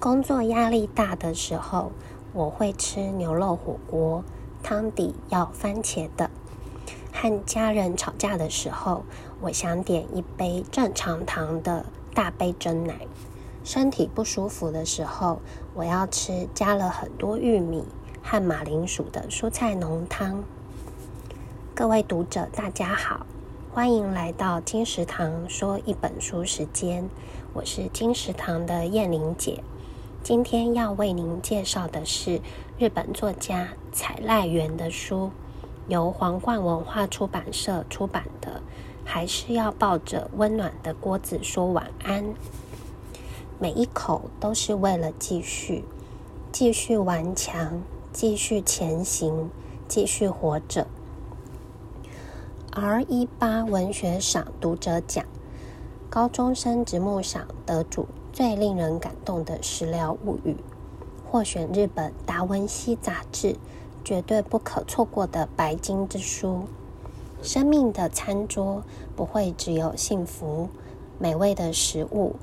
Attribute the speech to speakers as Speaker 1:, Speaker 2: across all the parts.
Speaker 1: 工作壓力大的時候，我會吃牛肉火鍋，湯底要番茄的。和家人吵架的時候，我想點一杯正常糖的大杯珍奶。身體不舒服的時候，我要吃加了很多玉米和馬鈴薯的蔬菜濃湯。各位讀者，大家好，歡迎來到金石堂說一本書時間，我是金石堂的燕玲姐。今天要為您介紹的是日本作家彩瀨丸的書，由皇冠文化出版社出版的。還是要抱着溫暖的鍋子說晚安，每一口都是為了繼續，繼續頑強，繼續前行，繼續活着。R 一八文學賞讀者獎。高中生直木賞得主最令人感動的食療物語，獲選日本達文西雜誌絕對不可錯過的白金之書。生命的餐桌不會只有幸福，美味的食物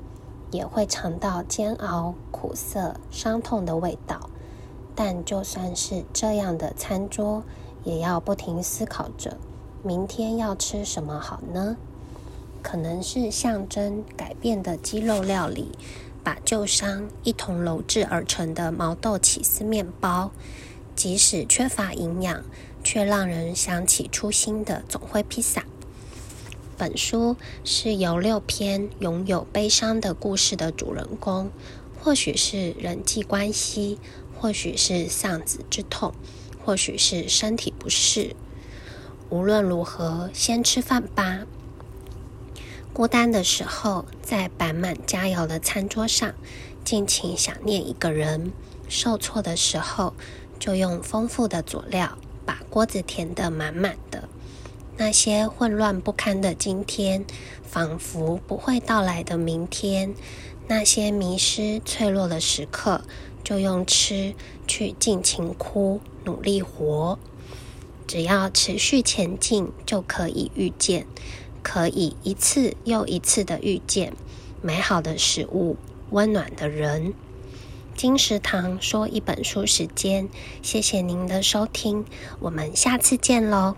Speaker 1: 也會嚐到煎熬、苦澀、傷痛的味道。但就算是這樣的餐桌，也要不停思考着明天要吃什麼好呢？可能是象徵改變的雞肉料理，把舊傷一同揉製而成的毛豆起司麵包，即使缺乏營養，卻讓人想起初心的總匯披薩。本書是由六篇擁有悲傷的故事的主人公，或許是人際關係，或許是喪子之痛，或許是身體不適。無論如何，先吃飯吧。孤單的時候，在擺滿佳餚的餐桌上，盡情想念一個人；受挫的時候，就用豐富的佐料把鍋子填得滿滿的。那些混亂不堪的今天，仿佛不會到來的明天；那些迷失脆弱的時刻，就用吃去盡情哭，努力活。只要持續前進，就可以遇見。可以一次又一次的遇見美好的食物、溫暖的人。金石堂說一本書時間，謝謝您的收聽，我們下次見嘍。